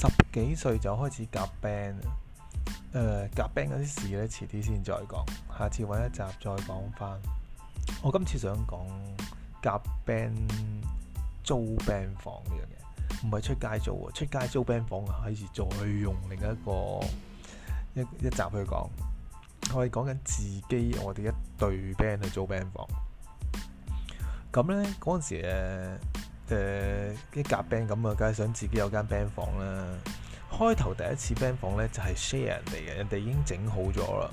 十幾歲就開始夾 band，誒，夾 band 嗰啲事咧，遲啲先再講，下次搵一集再講返。我今次想講夾 band 租 band 房呢樣嘢，唔係出街租啊，出街租 band 房啊，可以再用另一個一一集去講。我係講緊自己，我哋一隊 band 去租 band 房。咁咧嗰陣時咧。誒啲夾 band 咁啊，梗係、uh, 想自己有間 band 房啦。開頭第一次 band 房咧就係、是、share 人哋嘅，人哋已經整好咗啦。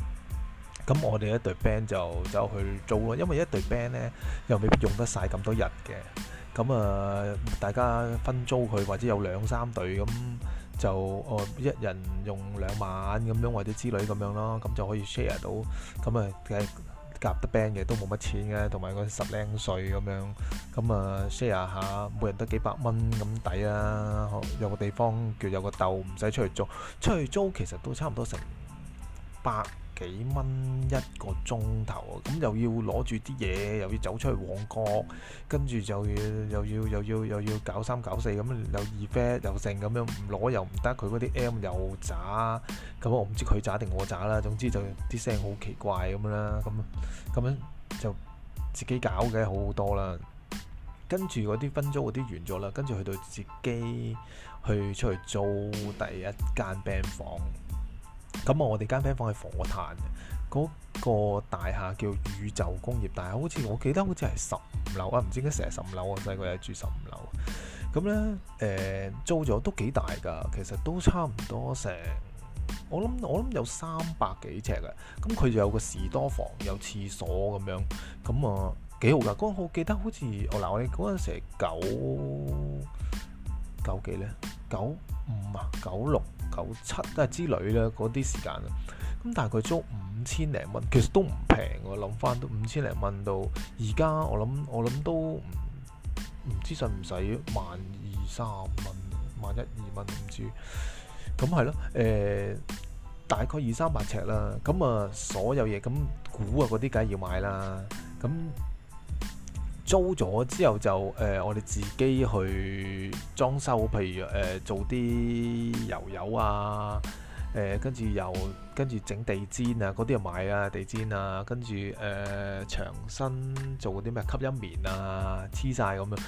咁我哋一隊 band 就走去租咯，因為一隊 band 咧又未必用得晒咁多日嘅。咁啊、呃，大家分租佢，或者有兩三隊咁就哦、呃、一人用兩晚咁樣或者之類咁樣咯，咁就可以 share 到。咁啊，夾得 band 嘅都冇乜錢嘅，同埋嗰十零歲咁樣，咁啊 share 下，每人得幾百蚊咁抵啊！有個地方叫有個竇，唔使出去租，出去租其實都差唔多成百幾蚊一個鐘頭啊！咁又要攞住啲嘢，又要走出去旺角，跟住又要又要又要又要搞三搞四咁，又二啡又剩咁樣唔攞又唔得，佢嗰啲 M 又渣，咁我唔知佢渣定我渣啦。總之就啲聲好奇怪咁樣啦，咁咁樣就自己搞嘅好好多啦。跟住嗰啲分租嗰啲完咗啦，跟住去到自己去出去租第一間病房。咁啊，我哋間房放喺火炭嘅，嗰、那個大廈叫宇宙工業大廈，好似我記得好似係十五樓啊，唔知點解成日十五樓啊，細個咧住十五樓。咁咧，誒、欸、租咗都幾大㗎，其實都差唔多成，我諗我諗有三百幾尺嘅。咁佢就有個士多房，有廁所咁樣，咁啊幾好㗎。嗰陣我記得好似，哦、那我嗱我哋嗰陣時係九九幾咧，九五啊，九六。九七啊之類咧，嗰啲時間啊，咁但係佢租五千零蚊，其實都唔平。我諗翻都五千零蚊到而家，我諗我諗都唔唔知使唔使萬二三蚊，萬一二蚊唔知。咁係咯，誒、呃、大概二三百尺啦。咁啊，所有嘢咁股啊嗰啲梗係要買啦。咁租咗之後就誒、呃，我哋自己去裝修，譬如誒、呃、做啲油油啊，誒跟住又跟住整地氈啊，嗰啲又買啊地氈啊，跟住誒牆身做嗰啲咩吸音棉啊、黐晒咁樣，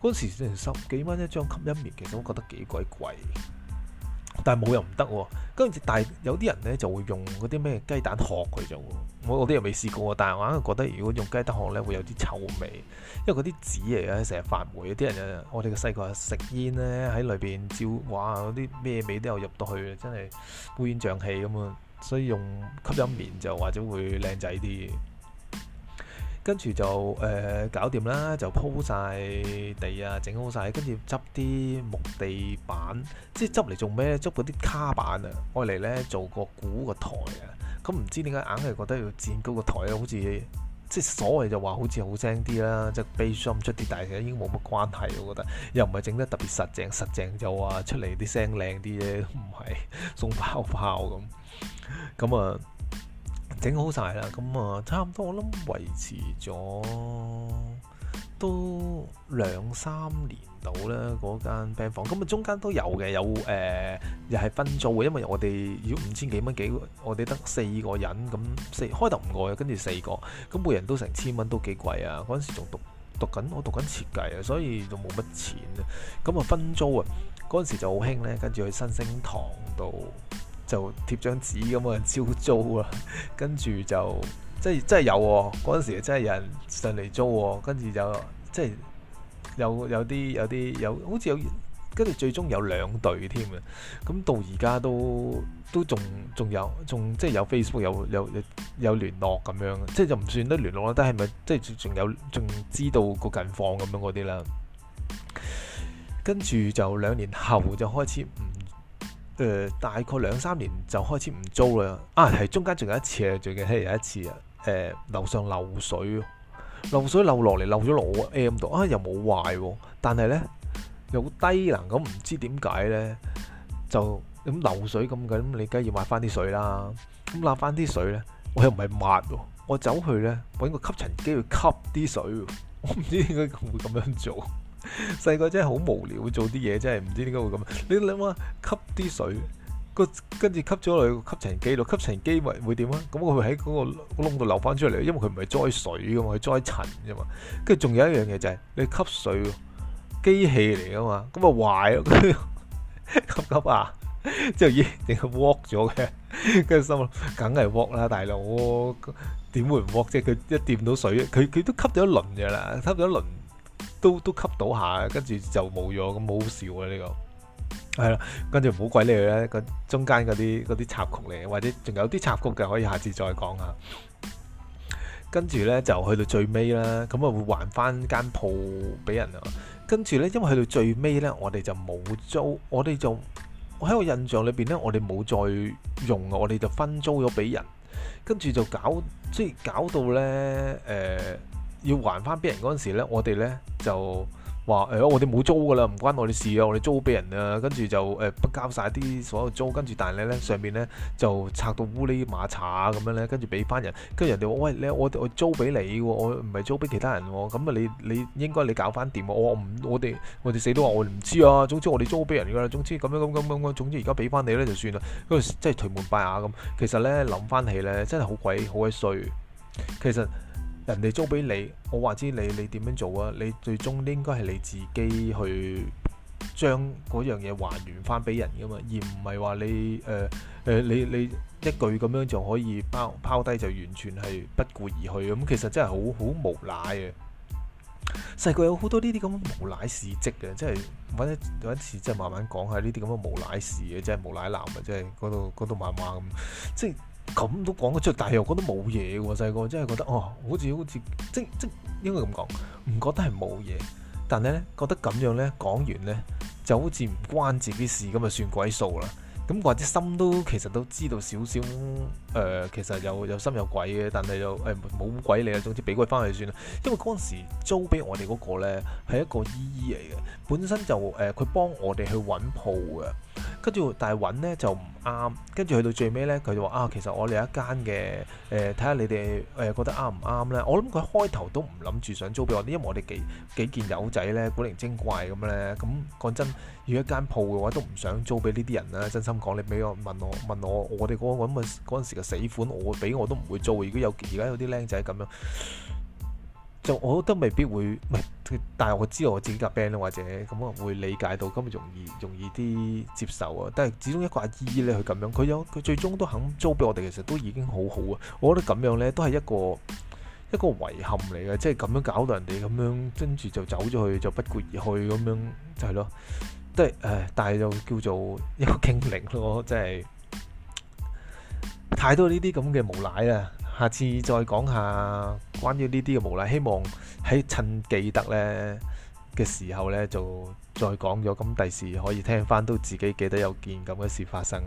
嗰陣時成十幾蚊一張吸音棉，其實我覺得幾鬼貴。但係冇又唔得喎，跟住但係有啲人呢就會用嗰啲咩雞蛋殼佢做，我我啲又未試過，但係我硬係覺得如果用雞蛋殼呢會有啲臭味，因為嗰啲紙嚟嘅，成日發黴，啲人又我哋嘅細個食煙呢，喺裏邊照，哇嗰啲咩味都有入到去，真係烏煙瘴氣咁啊，所以用吸音棉就或者會靚仔啲。跟住就誒、呃、搞掂啦，就鋪晒地啊，整好晒，跟住執啲木地板，即係執嚟做咩咧？執嗰啲卡板啊，愛嚟呢做個鼓個台啊。咁、嗯、唔知點解硬係覺得要剪高個台，好似即係所謂就話好似好聲啲啦，即係 basic 出啲，但係應該冇乜關係啊。我覺得又唔係整得特別實淨，實淨就話出嚟啲聲靚啲啫，唔係送泡泡咁。咁啊～.整好晒啦，咁、嗯、啊，差唔多我諗維持咗都兩三年到啦。嗰間 band 房，咁、嗯、啊中間都有嘅，有誒、呃、又係分租嘅，因為我哋要五千幾蚊幾，我哋得四個人，咁、嗯、四開頭五個，跟住四個，咁每人都成千蚊都幾貴啊！嗰陣時仲讀讀緊，我讀緊設計啊，所以就冇乜錢啊，咁、嗯、啊、嗯嗯、分租啊，嗰陣時就好興咧，跟住去新星堂度。就貼張紙咁啊，招租啊，跟 住就即係真係有嗰陣時，真係有、哦、有人上嚟租，跟住就即係有有啲有啲有，好似有跟住最終有兩隊添啊！咁到而家都都仲仲有仲即係有 Facebook 有有有有聯絡咁樣，即係就唔算得聯絡啦，但係咪即係仲有仲知道個近況咁樣嗰啲啦？跟 住就兩年後就開始唔。誒、呃，大概兩三年就開始唔租啦、啊。啊，係中間仲有一次啊，最近係有一次啊。誒、呃，樓上漏水、啊，漏水漏落嚟，漏咗落我 M 度啊，又冇壞，但係咧又好低能咁，唔知點解咧就咁漏水咁嘅，咁你梗係要買翻啲水啦、啊。咁揦翻啲水咧，我又唔係抹，我走去咧搵個吸塵機去吸啲水、啊，我唔知點解會咁樣做。細個真係好無聊，會做啲嘢，真係唔知點解會咁。你諗下吸啲水，個跟住吸咗落去吸塵機度，吸塵機咪會點啊？咁佢會喺嗰個窿度流翻出嚟，因為佢唔係栽水噶嘛，佢栽塵噶嘛。跟住仲有一樣嘢就係你吸水機器嚟噶嘛，咁啊壞咯，吸吸啊，之後咦定係 work 咗嘅？跟住心諗梗係 work 啦，大佬點會唔 work 啫？佢一掂到水，佢佢都吸咗一輪嘅啦，吸咗一輪。都都吸到下，跟住就冇咗，咁好笑啊！呢、這個係啦，跟住唔好鬼理佢咧，個中間嗰啲啲插曲嚟，或者仲有啲插曲嘅，可以下次再講下。跟住呢，就去到最尾啦，咁啊會還翻間鋪俾人。跟住呢，因為去到最尾呢，我哋就冇租，我哋就喺我，我印象裏邊呢，我哋冇再用，我哋就分租咗俾人。跟住就搞即係搞到呢。誒、呃。要還翻俾人嗰陣時咧，我哋咧就話誒、欸，我哋冇租噶啦，唔關我哋事啊，我哋租俾人啊，跟住就誒不、呃、交晒啲所有租，跟住但係咧上邊咧就拆到烏哩馬查咁、啊、樣咧，跟住俾翻人，跟住人哋話喂，你我我，我租俾你喎、啊，我唔係租俾其他人喎、啊，咁啊你你應該你搞翻掂喎，我唔我哋我哋死都話我唔知啊，總之我哋租俾人噶、啊、啦，總之咁樣咁咁咁咁，總之而家俾翻你咧就算啦，跟住即係頹垣敗瓦咁，其實咧諗翻起咧真係好鬼好鬼衰，其實。人哋租俾你，我話知你你點樣做啊？你最終應該係你自己去將嗰樣嘢還原翻俾人噶嘛，而唔係話你誒誒、呃呃、你你一句咁樣就可以拋拋低就完全係不顧而去咁。其實真係好好無賴啊。細個有好多呢啲咁無賴事蹟嘅，即係有一次即係慢慢講下呢啲咁嘅無賴事啊，即係無賴男啊，即係嗰度嗰度慢慢咁，即係。咁都講得出，但係又覺得冇嘢喎。細個真係覺得哦，好似好似，即即應該咁講，唔覺得係冇嘢。但係咧覺得咁樣咧講完咧，就好似唔關自己事咁啊，算鬼數啦。咁或者心都其實都知道少少，誒、呃，其實有有心有鬼嘅，但係又誒冇、哎、鬼理啊。總之俾佢翻去算啦。因為嗰陣時租俾我哋嗰個咧係一個姨姨嚟嘅，本身就誒佢、呃、幫我哋去揾鋪嘅。跟住，但係揾咧就唔啱。跟住去到最尾咧，佢就話：啊，其實我哋有一間嘅誒，睇下你哋誒覺得啱唔啱咧。我諗佢開頭都唔諗住想租俾我啲，因為我哋幾幾件友仔咧，古靈精怪咁咧。咁講真，如果一間鋪嘅話，都唔想租俾呢啲人啦。真心講，你俾問我問我，我哋嗰個咁嘅嗰陣時嘅死款，我俾我都唔會租。如果有而家有啲靚仔咁樣，就我覺得未必會。但係我知道我自己夾 band 或者咁我會理解到，咁咪容易容易啲接受啊！但係始終一個阿姨咧，佢咁樣，佢有佢最終都肯租俾我哋，其實都已經好好啊！我覺得咁樣呢，都係一個一個遺憾嚟嘅，即係咁樣搞到人哋咁樣跟住就走咗去，就不顧而去咁樣就係咯。都係誒，但係就叫做一個經歷咯，真係太多呢啲咁嘅無奈啊！下次再講下關於呢啲嘅無奈，希望喺趁記得呢嘅時候呢，就再講咗，咁第時可以聽翻都自己記得有件咁嘅事發生。